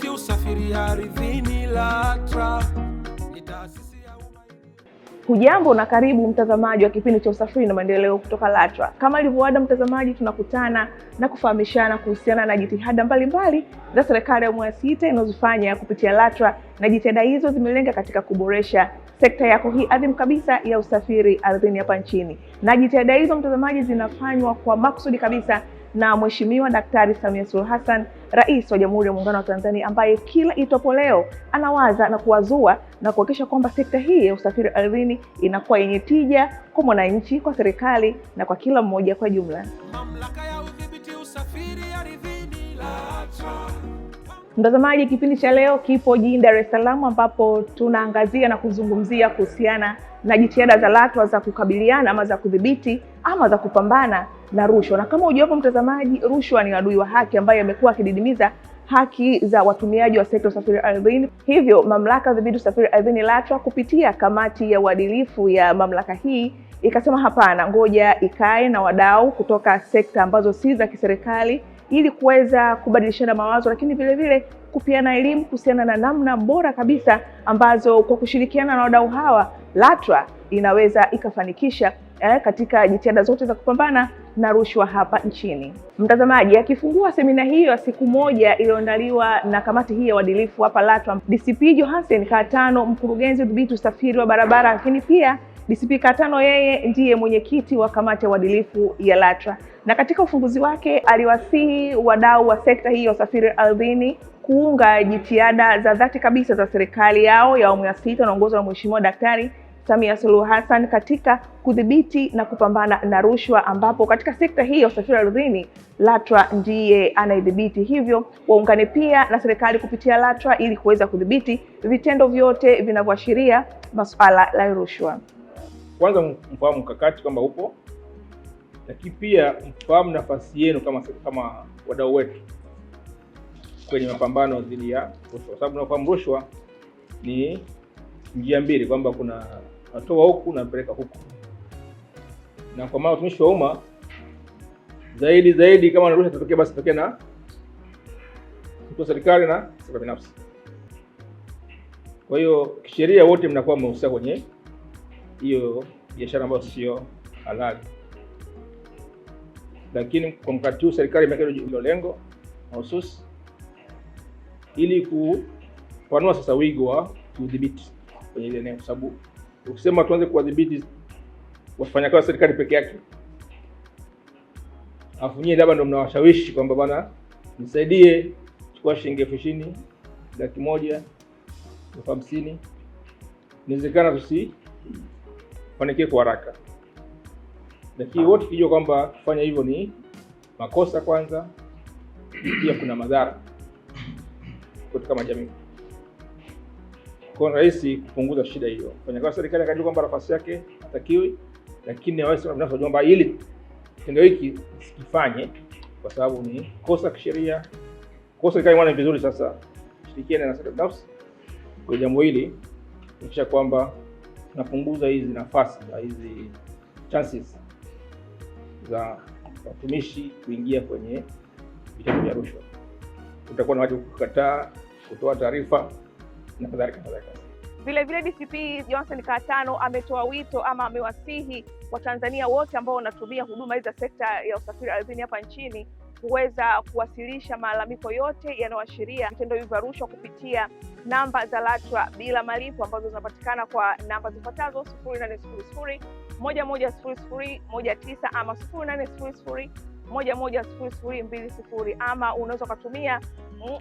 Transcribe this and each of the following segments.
Shiriki usafiri ardhini LATRA. Hujambo na karibu mtazamaji wa kipindi cha usafiri na maendeleo kutoka LATRA. Kama ilivyoada, mtazamaji, tunakutana na kufahamishana kuhusiana na jitihada mbalimbali za serikali ya awamu ya sita inazofanya kupitia LATRA, na jitihada hizo zimelenga katika kuboresha sekta yako hii adhimu kabisa ya usafiri ardhini hapa nchini, na jitihada hizo mtazamaji, zinafanywa kwa makusudi kabisa na Mheshimiwa Daktari Samia Suluhu Hassan, Rais wa Jamhuri ya Muungano wa Tanzania, ambaye kila itopo leo anawaza na kuwazua na kuhakikisha kwamba sekta hii ya usafiri ardhini inakuwa yenye tija kwa mwananchi, kwa serikali na kwa kila mmoja kwa jumla. Mamlaka ya Udhibiti Usafiri Ardhini LATRA. Mtazamaji, kipindi cha leo kipo jijini Dar es Salaam ambapo tunaangazia na kuzungumzia kuhusiana na jitihada za LATRA za kukabiliana ama za kudhibiti ama za kupambana na rushwa. Na kama hujawapo mtazamaji, rushwa ni adui wa haki ambaye amekuwa akididimiza haki za watumiaji wa sekta usafiri ardhini. Hivyo mamlaka dhibiti usafiri ardhini LATRA kupitia kamati ya uadilifu ya mamlaka hii ikasema hapana, ngoja ikae na wadau kutoka sekta ambazo si za kiserikali ili kuweza kubadilishana mawazo, lakini vile vile kupeana elimu kuhusiana na namna bora kabisa ambazo kwa kushirikiana na wadau hawa LATRA inaweza ikafanikisha eh, katika jitihada zote za kupambana na rushwa hapa nchini. Mtazamaji, akifungua semina hiyo ya siku moja iliyoandaliwa na kamati hii ya uadilifu hapa LATRA, DCP Johansen Katano, mkurugenzi udhibiti usafiri wa barabara, lakini pia DCP Katano yeye ndiye mwenyekiti wa kamati ya uadilifu ya LATRA, na katika ufunguzi wake aliwasihi wadau wa sekta hii ya usafiri ardhini kuunga jitihada za dhati kabisa za serikali yao ya awamu ya sita inaongozwa na Mheshimiwa Daktari Samia Suluhu Hassan katika kudhibiti na kupambana na rushwa, ambapo katika sekta hii ya usafiri ardhini LATRA ndiye anaidhibiti. Hivyo waungane pia na serikali kupitia LATRA ili kuweza kudhibiti vitendo vyote vinavyoashiria masuala la rushwa. Kwanza mfahamu mkakati kwamba upo, lakini pia mfahamu nafasi yenu kama, kama wadau wetu kwenye mapambano dhidi ya rushwa, kwa sababu nafahamu rushwa ni njia mbili, kwamba kuna natoa huku na mpeleka huku, na kwa maana utumishi wa umma zaidi zaidi, kama rushwa itatokea, basi itokee na kwa serikali na sekta binafsi. Kwa hiyo kisheria, wote mnakuwa mmehusika kwenye hiyo biashara ambayo sio halali, lakini kwa mkati huu serikali imeweka hilo lengo mahususi ili kupanua sasa wigo wa kudhibiti kwenye ile eneo, kwa sababu ukisema tuanze kuwadhibiti wafanyakazi wa serikali peke yake, alafu nyie labda ndo mnawashawishi kwamba bana, nisaidie, chukua shilingi elfu ishirini, laki moja, elfu hamsini, inawezekana tusifanikie kwa haraka, lakini wote tukijua kwamba kufanya hivyo ni makosa kwanza, pia kuna madhara kwetu kama jamii. Kwa rais kupunguza shida hiyo, kwa serikali akajua kwamba nafasi yake hatakiwi, lakini wao binafsi kwamba ili kitendo hiki sikifanye kwa sababu ni kosa kisheria. Kwa serikali mwana vizuri, sasa shirikiane na sekta binafsi kwa jambo hili kuhakikisha kwamba tunapunguza hizi nafasi na hizi chances za watumishi kuingia kwenye vitendo vya rushwa utakuwa na watu kukataa kutoa taarifa na kadhalika kadhalika. Vile vile DCP Johnson Katano ametoa wito ama amewasihi Watanzania wote ambao wanatumia huduma hizi za sekta ya usafiri ardhini hapa nchini kuweza kuwasilisha malalamiko yote yanayoashiria vitendo hivi vya rushwa kupitia namba za LATRA bila malipo ambazo zinapatikana kwa namba zifuatazo: 0800 1100 19 ama 0800 moja moja sifuri sifuri mbili sifuri ama unaweza ukatumia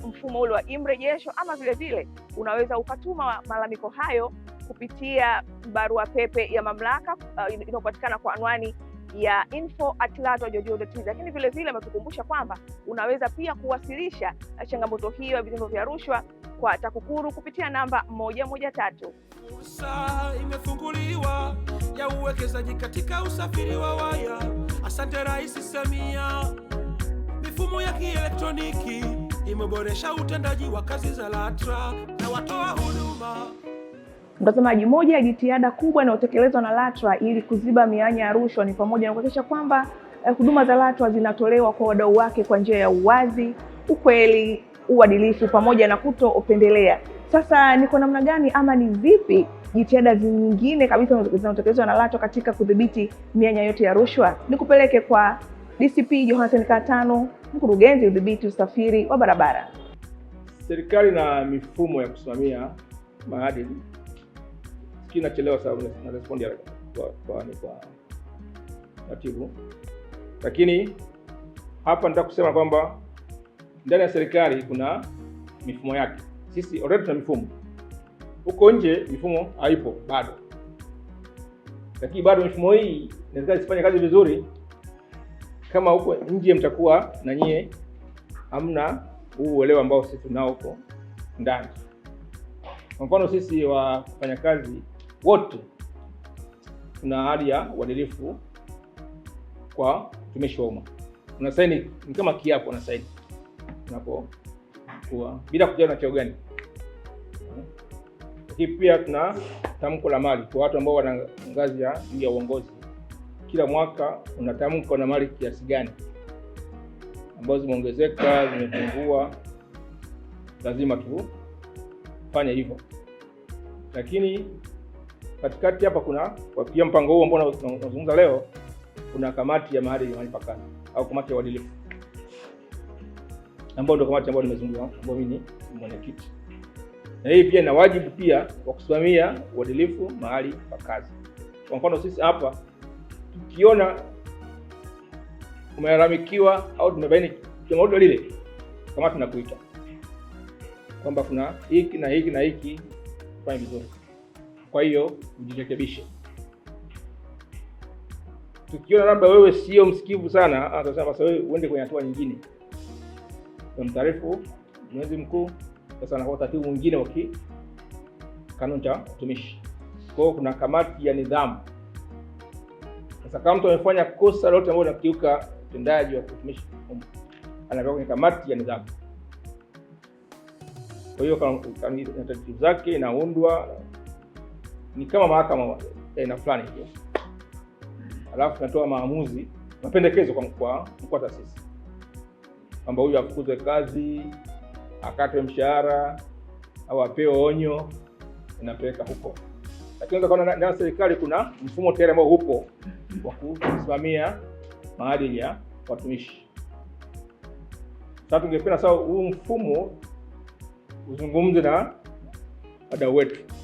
mfumo ule wa imrejesho ama vilevile unaweza ukatuma malalamiko hayo kupitia barua pepe ya mamlaka uh, inayopatikana kwa anwani ya info@lato.go.tz. Lakini vile vile ametukumbusha kwamba unaweza pia kuwasilisha changamoto hiyo ya vitendo vya rushwa kwa TAKUKURU kupitia namba moja moja tatu. Fursa imefunguliwa ya uwekezaji katika usafiri wa waya. Asante Rais Samia. Mifumo ya kielektroniki imeboresha utendaji wa kazi za LATRA na watoa huduma. Mtazamaji, moja ya jitihada kubwa inayotekelezwa na LATRA ili kuziba mianya ya rushwa ni pamoja na kuhakikisha kwamba eh, huduma za LATRA zinatolewa kwa wadau wake kwa njia ya uwazi, ukweli, uadilifu pamoja na kutoupendelea. Sasa ni kwa namna gani ama ni vipi jitihada zingine kabisa zinazotekelezwa na LATRA katika kudhibiti mianya yote ya rushwa? Nikupeleke kwa DCP Johansen Katano, mkurugenzi udhibiti usafiri wa barabara. Serikali na mifumo ya kusimamia maadili kinachelewa sababu na kwa kwa kwa lakini hapa nataka kusema kwamba ndani ya serikali kuna mifumo yake. Sisi already tuna mifumo huko nje, mifumo haipo bado, lakini bado mifumo hii inaweza isifanye kazi vizuri kama huko nje mtakuwa na nyie hamna huu uelewa ambao sisi tunao huko ndani. Kwa mfano sisi wafanyakazi wote tuna hali ya uadilifu kwa mtumishi wa umma. saini ni kama kiapo, unapo unapokuwa bila kujali na cheo gani. Lakini pia tuna tamko la mali kwa watu ambao wana ngazi ya juu ya uongozi. Kila mwaka unatamka na mali kiasi gani ambazo zimeongezeka, zimepungua, lazima tufanye hivyo, lakini katikati hapa kuna pia mpango huu ambao tunazungumza leo, kuna kamati ya maadili mahali pa kazi au kamati ya uadilifu, ambao ndio kamati ambayo nimezungumza, ambao mimi ni mwenyekiti, na hii pia ina wajibu pia wa kusimamia uadilifu mahali pa kazi. Kwa mfano sisi hapa tukiona umelalamikiwa au tumebaini changamoto lile, kamati nakuita kwamba kuna hiki na hiki na hiki, fanye vizuri kwa hiyo ujirekebishe. Tukiona labda wewe sio msikivu sana, atasema basi wewe uende kwenye hatua nyingine, mtarifu mwezi mkuu. Sasa anakuwa utaratibu mwingine wa kanuni cha utumishi. Kwa hiyo kuna kamati ya nidhamu. Sasa kama mtu amefanya kosa lolote ambalo linakiuka utendaji wa utumishi, anapewa kwenye kamati ya nidhamu. Kwa hiyo taratibu zake inaundwa ni kama mahakama ya aina fulani hiyo, alafu tunatoa maamuzi, mapendekezo kwa mkuu wa taasisi kwamba huyu afukuzwe kazi, akatwe mshahara au apewe onyo, inapeleka huko. Lakini unaweza kuona serikali kuna mfumo tayari ambao upo wa kusimamia maadili ya watumishi. Sasa tungependa sasa huu mfumo uzungumze na wadau wetu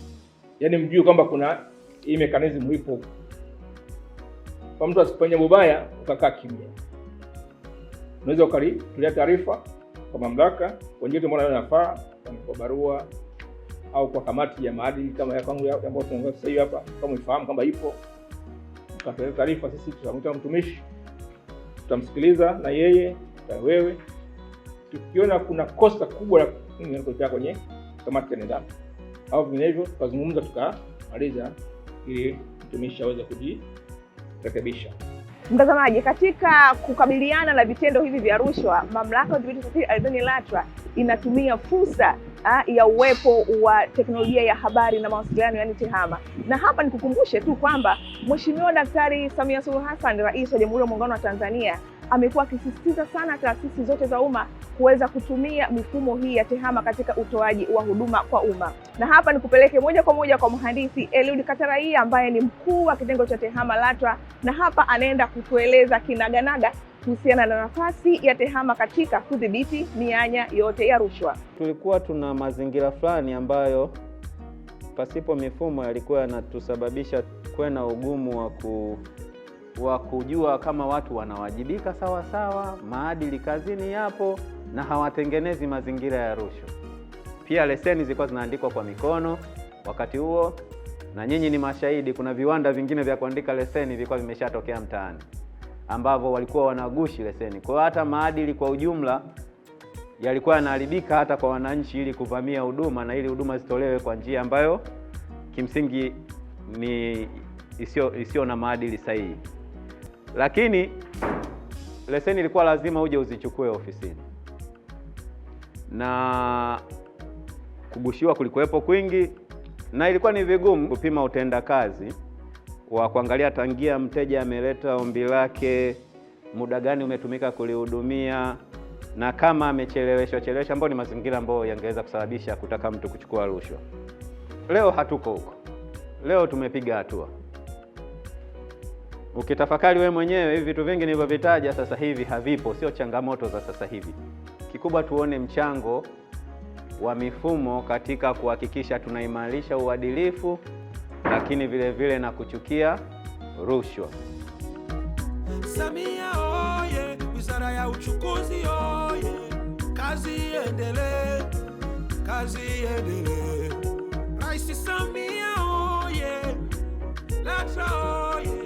yani mjue kwamba kuna hii mekanizmu ipo, kwa mtu asikufanyia mubaya ukakaa kimya. Unaweza ukalitulia taarifa kwa mamlaka wenyewe, mbona nafaa kwa barua au kwa kamati ya maadili kama ya kwangu ambayo tunaongea sasa hivi hapa, kama ifahamu kwamba ipo, ukatolea taarifa. Sisi tutamwita mtumishi, tutamsikiliza na yeye na wewe, tukiona kuna kosa kubwa la kuingia kwenye kamati ya nidhamu au vinginevyo tukazungumza tukamaliza, ili mtumishi aweze kujirekebisha. Mtazamaji, katika kukabiliana na vitendo hivi vya rushwa, mamlaka ya udhibiti usafiri ardhini LATRA inatumia fursa ya uwepo wa teknolojia ya habari na mawasiliano yaani TEHAMA. Na hapa nikukumbushe tu kwamba Mheshimiwa Daktari Samia Suluhu Hassan, Rais wa Jamhuri ya Muungano wa Tanzania amekuwa akisisitiza sana taasisi zote za umma kuweza kutumia mifumo hii ya TEHAMA katika utoaji wa huduma kwa umma. Na hapa nikupeleke moja kwa moja kwa mhandisi Eliud Kataraia ambaye ni mkuu wa kitengo cha TEHAMA LATRA, na hapa anaenda kutueleza kinaganaga kuhusiana na nafasi ya TEHAMA katika kudhibiti mianya yote ya rushwa. Tulikuwa tuna mazingira fulani ambayo pasipo mifumo yalikuwa yanatusababisha kuwe na ugumu wa ku wa kujua kama watu wanawajibika sawa sawa, maadili kazini yapo na hawatengenezi mazingira ya rushwa. Pia leseni zilikuwa zinaandikwa kwa mikono wakati huo, na nyinyi ni mashahidi. Kuna viwanda vingine vya kuandika leseni vilikuwa vimeshatokea mtaani, ambavyo walikuwa wanagushi leseni. Kwa hiyo hata maadili kwa ujumla yalikuwa yanaharibika hata kwa wananchi, ili kuvamia huduma na ili huduma zitolewe kwa njia ambayo kimsingi ni isiyo na maadili sahihi lakini leseni ilikuwa lazima uje uzichukue ofisini, na kugushiwa kulikuwepo kwingi, na ilikuwa ni vigumu kupima utendakazi wa kuangalia tangia mteja ameleta ombi lake, muda gani umetumika kulihudumia, na kama amecheleweshwa chelewesha, ambayo ni mazingira ambayo yangeweza kusababisha kutaka mtu kuchukua rushwa. Leo hatuko huko, leo tumepiga hatua. Ukitafakari we mwenyewe hivi vitu vingi nilivyovitaja sasa hivi havipo, sio changamoto za sasa hivi. Kikubwa tuone mchango wa mifumo katika kuhakikisha tunaimarisha uadilifu, lakini vile vile na kuchukia rushwa. Samia oye! Wizara ya Uchukuzi oye! Kazi iendelee, kazi iendelee. Rais Samia oye! LATRA oye!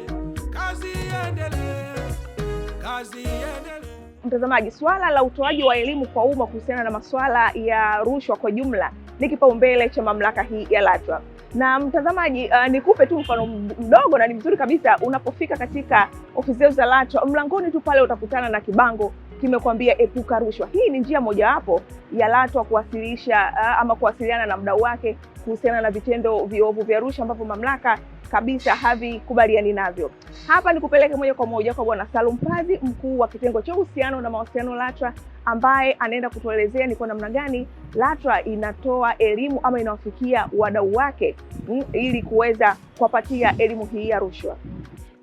Mtazamaji, swala la utoaji wa elimu kwa umma kuhusiana na masuala ya rushwa kwa jumla ni kipaumbele cha mamlaka hii ya LATRA. Na mtazamaji, uh, nikupe tu mfano mdogo na ni mzuri kabisa. Unapofika katika ofisi zetu za LATRA, mlangoni tu pale utakutana na kibango kimekwambia epuka rushwa. Hii ni njia mojawapo ya LATRA kuwasilisha uh, ama kuwasiliana na mdau wake kuhusiana na vitendo viovu vya rushwa ambavyo mamlaka kabisa havikubaliani navyo. Hapa ni kupeleke moja kwa moja kwa Bwana Salum Pazi, mkuu wa kitengo cha uhusiano na mawasiliano LATRA, ambaye anaenda kutuelezea ni kwa namna gani LATRA inatoa elimu ama inawafikia wadau wake mm, ili kuweza kuwapatia elimu hii ya rushwa.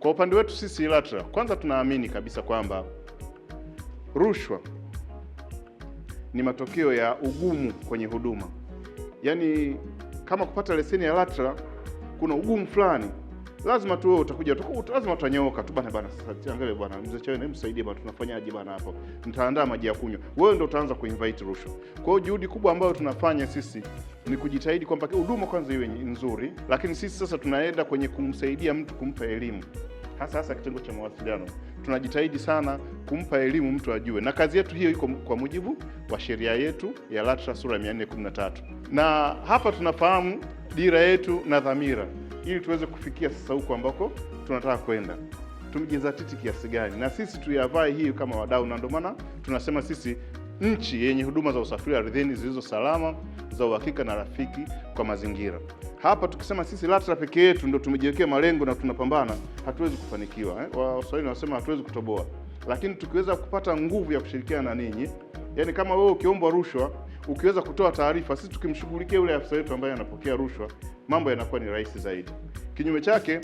Kwa upande wetu sisi LATRA, kwanza tunaamini kabisa kwamba rushwa ni matokeo ya ugumu kwenye huduma, yaani kama kupata leseni ya LATRA kuna ugumu fulani, lazima tu wewe utakuja utakuta, lazima tutanyooka tu bana bana. Sasa angalia bana, mzee Chawe ni msaidie bana, tunafanyaje bana hapo, nitaandaa maji ya kunywa, wewe ndio utaanza kuinvite rushwa. Kwa hiyo juhudi kubwa ambayo tunafanya sisi ni kujitahidi kwamba huduma kwanza iwe nzuri, lakini sisi sasa tunaenda kwenye kumsaidia mtu, kumpa elimu hasa hasa kitengo cha mawasiliano tunajitahidi sana kumpa elimu mtu ajue, na kazi yetu hiyo iko kwa mujibu wa sheria yetu ya LATRA sura ya 413, na hapa tunafahamu dira yetu na dhamira, ili tuweze kufikia sasa huko ambako tunataka kwenda tumejizatiti kiasi gani, na sisi tuyavae hii kama wadau, na ndio maana tunasema sisi nchi yenye huduma za usafiri ardhini zilizo salama za uhakika na rafiki kwa mazingira. Hapa tukisema sisi LATRA peke yetu ndo tumejiwekea malengo na tunapambana, hatuwezi kufanikiwa eh? Waswahili wanasema hatuwezi kutoboa, lakini tukiweza kupata nguvu ya kushirikiana na ninyi, yani kama wewe ukiombwa rushwa ukiweza kutoa taarifa, sisi tukimshughulikia yule afisa wetu ambaye anapokea rushwa, mambo yanakuwa ni rahisi zaidi. Kinyume chake,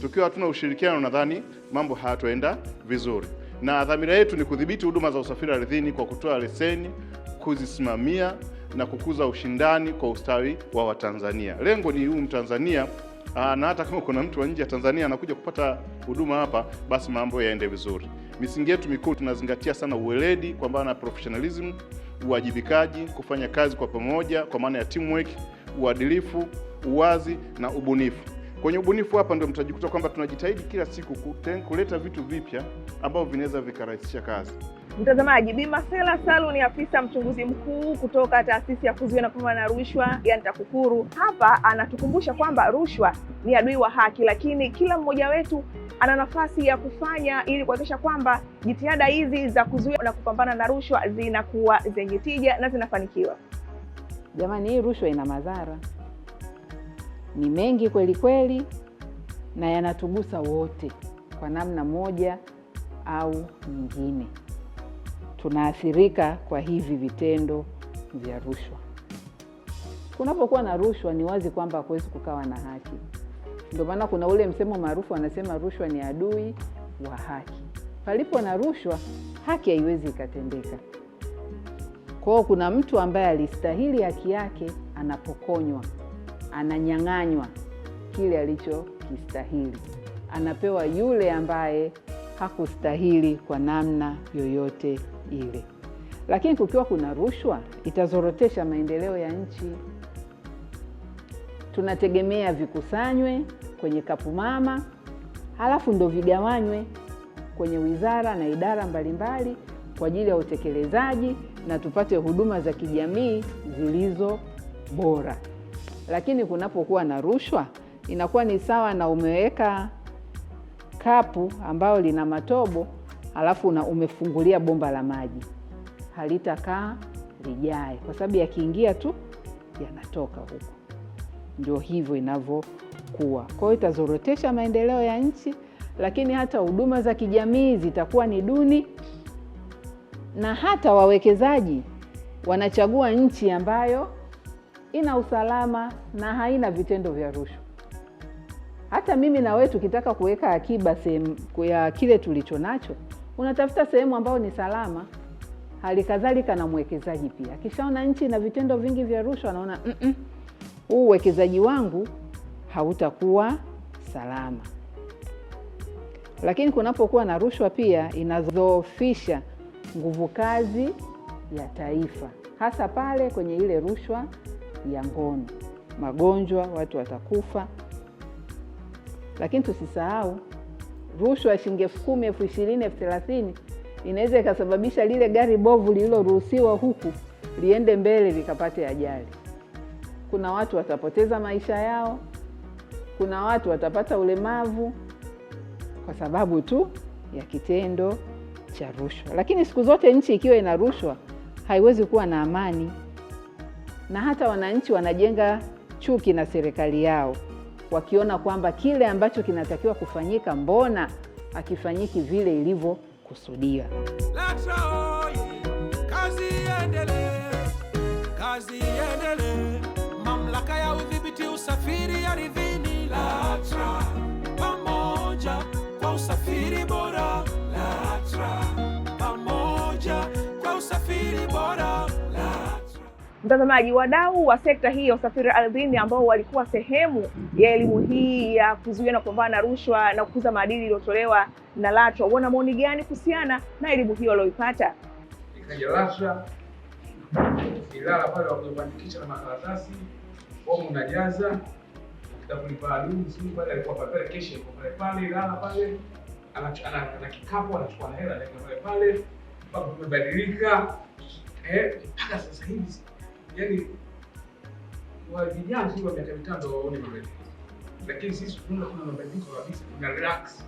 tukiwa hatuna ushirikiano, nadhani mambo hayatoenda vizuri na dhamira yetu ni kudhibiti huduma za usafiri ardhini kwa kutoa leseni, kuzisimamia na kukuza ushindani kwa ustawi wa Watanzania. Lengo ni huu Mtanzania Aa, ah, na hata kama kuna mtu wa nje ya Tanzania anakuja kupata huduma hapa, basi mambo yaende vizuri. Misingi yetu mikuu tunazingatia sana uweledi, kwa na professionalism, uwajibikaji, kufanya kazi kwa pamoja, kwa maana ya teamwork, uadilifu, uwazi na ubunifu. Kwenye ubunifu hapa ndio mtajikuta kwamba tunajitahidi kila siku kuten, kuleta vitu vipya ambavyo vinaweza vikarahisisha kazi. Mtazamaji, Bi Marcella Salu ni afisa mchunguzi mkuu kutoka taasisi ya kuzuia na kupambana na rushwa, yani TAKUKURU. Hapa anatukumbusha kwamba rushwa ni adui wa haki, lakini kila mmoja wetu ana nafasi ya kufanya ili kuhakikisha kwamba jitihada hizi za kuzuia na kupambana na rushwa zinakuwa zenye tija na zinafanikiwa. Jamani, hii rushwa ina madhara ni mengi kweli kweli, na yanatugusa wote kwa namna moja au nyingine. Tunaathirika kwa hivi vitendo vya rushwa. Kunapokuwa na rushwa, ni wazi kwamba akuwezi kukawa na haki. Ndio maana kuna ule msemo maarufu anasema, rushwa ni adui wa haki. Palipo na rushwa, haki haiwezi ikatendeka. kwao kuna mtu ambaye alistahili haki yake anapokonywa ananyang'anywa kile alichokistahili, anapewa yule ambaye hakustahili kwa namna yoyote ile. Lakini kukiwa kuna rushwa, itazorotesha maendeleo ya nchi. Tunategemea vikusanywe kwenye kapu mama, halafu ndo vigawanywe kwenye wizara na idara mbalimbali kwa ajili ya utekelezaji na tupate huduma za kijamii zilizo bora. Lakini kunapokuwa na rushwa, inakuwa ni sawa na umeweka kapu ambayo lina matobo alafu na umefungulia bomba la maji, halitakaa lijae, kwa sababu yakiingia tu yanatoka huko. Ndio hivyo inavyokuwa. Kwa hiyo itazorotesha maendeleo ya nchi, lakini hata huduma za kijamii zitakuwa ni duni, na hata wawekezaji wanachagua nchi ambayo ina usalama na haina vitendo vya rushwa. Hata mimi na wewe tukitaka kuweka akiba sehemu ya kile tulicho nacho, unatafuta sehemu ambayo ni salama. Hali kadhalika na mwekezaji pia, akishaona nchi na vitendo vingi vya rushwa, anaona huu mm uwekezaji wangu hautakuwa salama. Lakini kunapokuwa na rushwa, pia inazoofisha nguvu kazi ya taifa, hasa pale kwenye ile rushwa ya ngono, magonjwa, watu watakufa. Lakini tusisahau rushwa ya shilingi elfu kumi, elfu ishirini, elfu thelathini inaweza ikasababisha lile gari bovu lililoruhusiwa huku liende mbele likapate ajali. Kuna watu watapoteza maisha yao, kuna watu watapata ulemavu kwa sababu tu ya kitendo cha rushwa. Lakini siku zote nchi ikiwa ina rushwa haiwezi kuwa na amani na hata wananchi wanajenga chuki na serikali yao, wakiona kwamba kile ambacho kinatakiwa kufanyika mbona akifanyiki vile ilivyokusudiwa. Kazi iendelee, kazi iendelee. Mamlaka ya udhibiti usafiri ardhini LATRA, pamoja kwa usafiri bora. LATRA, pamoja kwa usafiri bora. Mtazamaji, wadau wa sekta hii ya usafiri ardhini ambao walikuwa sehemu ya elimu hii ya kuzuia na kupambana na rushwa na kukuza maadili iliyotolewa na LATRA, wana maoni gani kuhusiana na elimu hiyo walioipata? Ikaja LATRA Ilala pale wakuandikisha na makaratasi fomu unajaza kitabuni maalum, sijui pale alikuwa pale kesho pale pale Ilala pale ana kikapu anachukua hela pale pale mpaka eh, mpaka sasa hivi yani wa vijana sio miaka mitano waone mabadiliko, lakini sisi tunaona kuna mabadiliko kabisa, tuna relax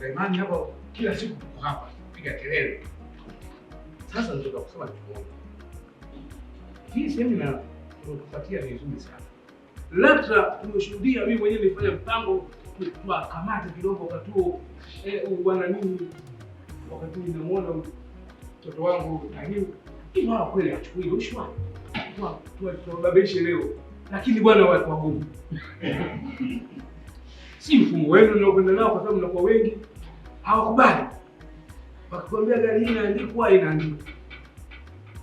na imani hapa, kila siku tuko hapa piga kelele. Sasa ndio kusema tuko hii semina tunakupatia vizuri sana. LATRA tumeshuhudia, mimi mwenyewe nilifanya mpango kwa kamati kidogo wakati huo eh, bwana nini, wakati ninamuona mtoto wangu na hiyo kweli achukui rushwa tuwababishe leo, lakini bwana watu wagumu si mfumo wenu mnaokwenda nao, kwa sababu mnakuwa wengi, hawakubali. Wakikwambia gari hii inaandikwa, inaandikwa.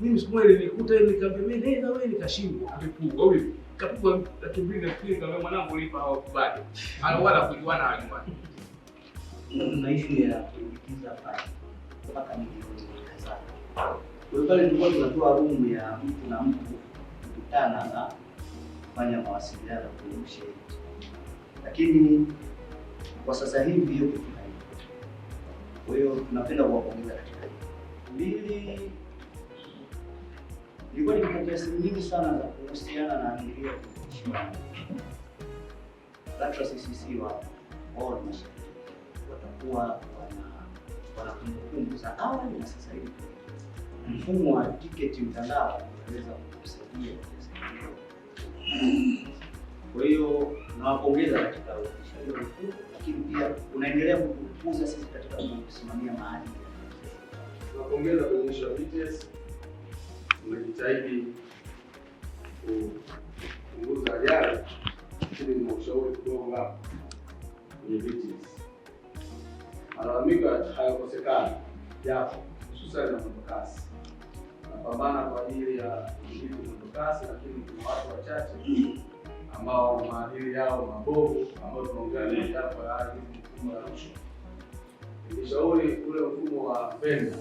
Mimi siku moja nilikuta hivi, nikamwambia mimi nenda wewe, nikashindwa kupigwa huyo kapigwa laki mbili na fikiri kama mwanangu lipa, hawakubali ana wala kujuana hajua na issue ya kuingiza pale mpaka milioni kadhaa kwa hiyo pale tulikuwa tunatoa room ya mtu na mtu kukutana na kufanya mawasiliano kuushe, lakini kwa sasa hivi hiyo kitu haipo. Kwa hiyo tunapenda kuwapongeza katika hiyo. Mbili, nilikuwa nikipokea simu nyingi sana za kuhusiana na abiria kuheshimiana. LATRA watakuwa wana wana kumbukumbu za awali na sasa hivi mfumo wa tiketi mtandao unaweza kukusaidia. Kwa hiyo nawapongeza katika ufikishaji wa mfumo, lakini pia unaendelea kukuza sisi katika kusimamia mahali. Tunapongeza kuonyesha BTS unajitahidi kupunguza ajali, lakini nina ushauri kutoka kwenye BTS. Malalamiko hayakosekani, japo hususani na mwendokasi napambana kwa ajili ya ushiriki mwendokasi, lakini kuna watu wachache ambao maadili yao mabovu ambao tunaongea matakwa ya ardhi, mfumo wa rushwa. Nikishauri ule mfumo wa penda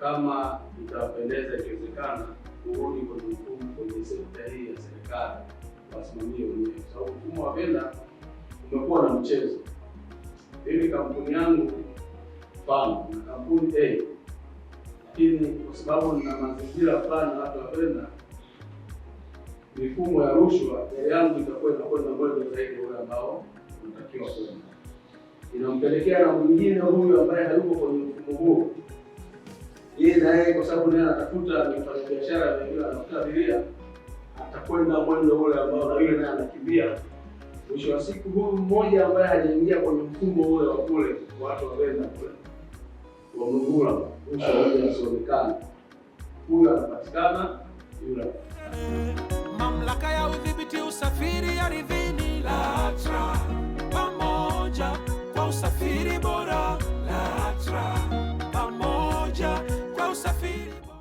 kama itapendeza ikiwezekana kurudi kwenye mfumo kwenye sekta hii ya serikali wasimamie wenyewe, kwa sababu mfumo wa penda umekuwa na mchezo. Mimi kampuni yangu mfano na kampuni A lakini kwa sababu nina mazingira fulani watu wapenda mifumo ya rushwa yangu itakuwa inakwenda mbele zaidi ule ambao unatakiwa kwenda, inampelekea na mwingine huyu ambaye hayuko kwenye mfumo huo, yeye naye kwa sababu naye anatafuta mfanya biashara vingine, anatafuta abiria, atakwenda mwendo ule ambao na yule naye anakimbia. Mwisho wa siku huyu mmoja ambaye hajaingia kwenye mfumo ule wa kule watu wapenda kule wa Mlugula uso anapatikana yule. Mamlaka ya udhibiti usafiri ardhini LATRA, pamoja kwa usafiri bora.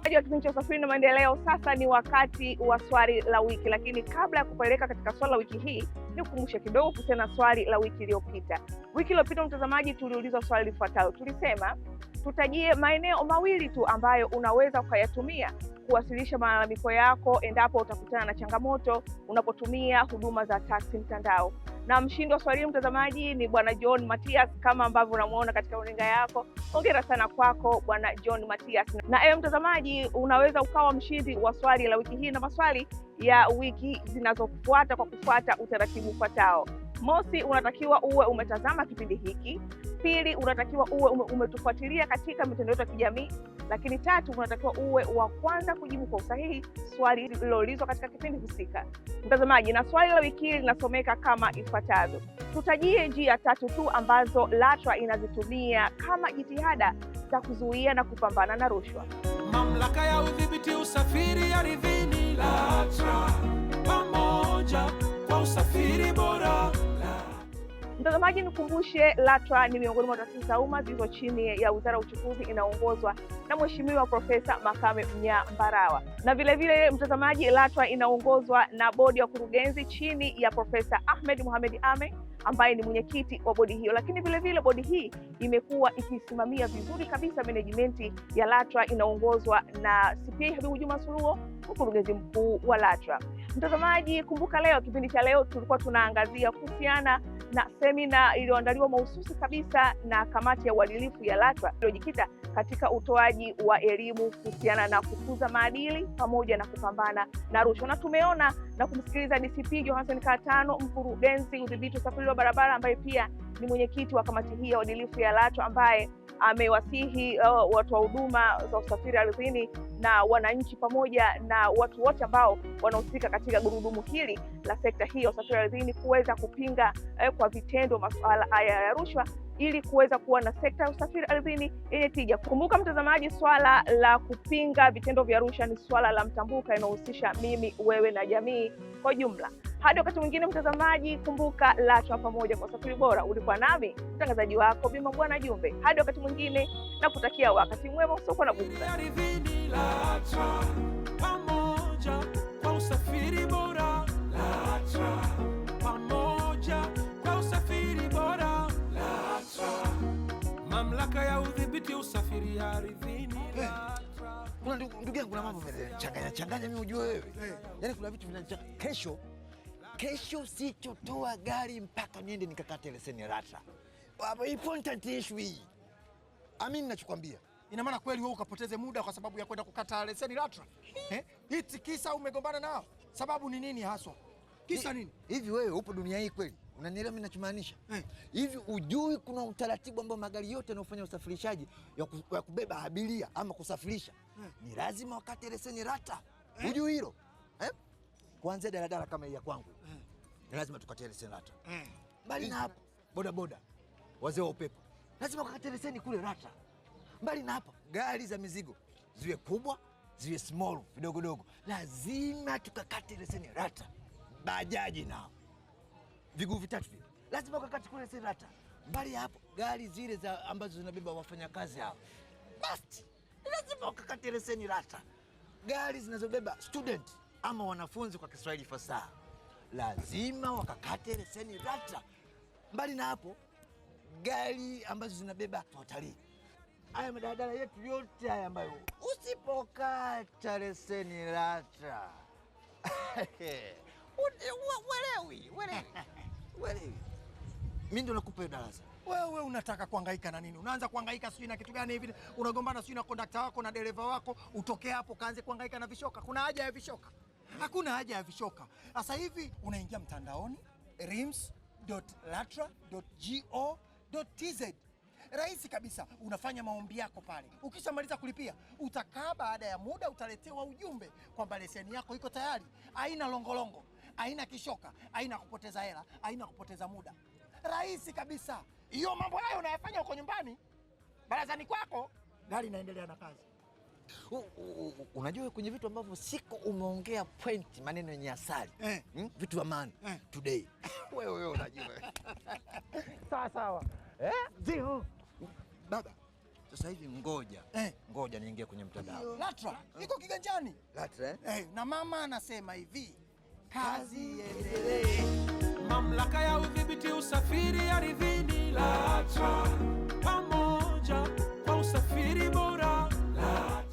Mtazamaji wa kipindi cha usafiri na maendeleo, sasa ni wakati wa swali la wiki, lakini kabla ya kupeleka katika swali la wiki hii, ni kukumbusha kidogo kuhusiana na swali la wiki iliyopita. Wiki iliyopita, mtazamaji, tuliulizwa swali lifuatalo. Tulisema tutajie maeneo mawili tu ambayo unaweza ukayatumia kuwasilisha malalamiko yako endapo utakutana na changamoto unapotumia huduma za taksi mtandao na mshindi wa swali mtazamaji ni bwana John Matias, kama ambavyo unamuona katika runinga yako. Hongera sana kwako bwana John Matias. Na ewe eh, mtazamaji, unaweza ukawa mshindi wa swali la wiki hii na maswali ya wiki zinazofuata kwa kufuata utaratibu ufuatao. Mosi, unatakiwa uwe umetazama kipindi hiki. Pili, unatakiwa uwe umetufuatilia katika mitandao yetu ya kijamii lakini tatu, unatakiwa uwe wa kwanza kujibu kwa usahihi swali lililoulizwa katika kipindi husika. Mtazamaji, na swali la wiki hili linasomeka kama ifuatavyo: tutajie njia tatu tu ambazo LATRA inazitumia kama jitihada za kuzuia na kupambana na rushwa. Mamlaka ya udhibiti usafiri ardhini LATRA, pamoja kwa usafiri bora. Mtazamaji, nikumbushe, LATRA ni miongoni mwa taasisi za umma zilizo chini ya Wizara ya Uchukuzi inaongozwa na Mheshimiwa Profesa Makame Mnyambarawa, na vilevile mtazamaji, LATRA inaongozwa na bodi ya wakurugenzi chini ya Profesa Ahmed muhamed Ame ambaye ni mwenyekiti wa bodi hiyo, lakini vilevile bodi hii imekuwa ikisimamia vizuri kabisa menejimenti ya LATRA inaongozwa na CPA Habibu Juma Suluo, mkurugenzi mkuu wa LATRA. Mtazamaji, kumbuka leo, kipindi cha leo tulikuwa tunaangazia kuhusiana na semina iliyoandaliwa mahususi kabisa na kamati ya uadilifu ya LATRA iliyojikita katika utoaji wa elimu kuhusiana na kukuza maadili pamoja na kupambana na rushwa, na tumeona na kumsikiliza DCP Johanson Katano, mkurugenzi udhibiti usafiri wa barabara, ambaye pia ni mwenyekiti wa kamati hii ya uadilifu ya LATRA, ambaye amewasihi uh, watu wa huduma za usafiri ardhini na wananchi pamoja na watu wote ambao wanahusika katika gurudumu hili la sekta hii ya usafiri ardhini kuweza kupinga eh, kwa vitendo masuala haya ya rushwa ili kuweza kuwa na sekta ya usafiri ardhini yenye tija. Kumbuka mtazamaji, swala la kupinga vitendo vya rushwa ni swala la mtambuka inayohusisha mimi, wewe na jamii kwa jumla. Hadi wakati mwingine mtazamaji, kumbuka LATRA pamoja kwa usafiri bora. Ulikuwa nami mtangazaji wako Bima Bwana Jumbe. Hadi wakati mwingine, na kutakia wakati mwema usiokuwa na bughudha. Mamlaka ya udhibiti usafiri ardhini. Eh, kuna ndugu yangu, kuna mambo yanachanganya changanya, mimi ujue wewe. Eh. Yaani kuna vitu vinachanganya. Kesho kesho sichotoa gari mpaka niende nikakate leseni RATRA. Important issue hii. Amini nachokwambia. Ina maana kweli wewe ukapoteze muda kwa sababu ya kwenda kukata leseni RATRA? Eh? Eti kisa umegombana nao. Sababu ni nini haswa? Kisa nini? Hivi wewe upo dunia hii kweli? Unanielewa mimi ninachomaanisha? Eh. Hivi ujui kuna utaratibu ambao magari yote yanayofanya usafirishaji ya kubeba abiria ama kusafirisha hey, eh. ni lazima wakati leseni rata hey. Eh. Ujui hilo eh? Kuanzia daladala kama hii ya kwangu hey, ni lazima tukate leseni rata hey. Mbali na hapo bodaboda, wazee wa upepo lazima wakate leseni kule rata. Mbali na hapo, gari za mizigo ziwe kubwa ziwe small vidogodogo, lazima tukakate leseni rata. Bajaji nao viguu vitatu vile, lazima ukakati kule Serata. Mbali hapo, gari zile za ambazo zinabeba wafanyakazi hao, basi lazima ukakati leseni Rata. Gari zinazobeba student ama wanafunzi kwa Kiswahili fasaha, lazima wakakate leseni Rata. Mbali na hapo, gari ambazo zinabeba watalii haya madaladala yetu yote haya ambayo usipokata leseni LATRA welewi welewi wewe mimi ndio nakupa darasa. Wewe unataka kuhangaika na nini? Unaanza kuhangaika sijui na kitu gani hivi, unagombana sijui na kondakta wako na dereva wako, utokee hapo kaanze kuhangaika na vishoka. Kuna haja ya vishoka? Hakuna haja ya vishoka. Sasa hivi unaingia mtandaoni rims.latra.go.tz rahisi kabisa, unafanya maombi yako pale. Ukishamaliza kulipia, utakaa baada ya muda utaletewa ujumbe kwamba leseni yako iko tayari, haina longolongo aina kishoka, aina kupoteza hela, aina kupoteza muda, rahisi kabisa. Hiyo mambo hayo unayafanya huko nyumbani barazani kwako, gari inaendelea na kazi. unajua kwenye vitu ambavyo siko umeongea point maneno yenye asali eh, hmm? Vitu vya maana eh, today wewe wewe unajua sawa sawa eh? Ndio sasa hivi ngoja eh, ngoja niingie kwenye mtandao. LATRA iko kiganjani LATRA eh? Eh, na mama anasema hivi kazi iendelee. Mamlaka ya udhibiti usafiri ardhini LATRA, pamoja kwa usafiri bora LATRA.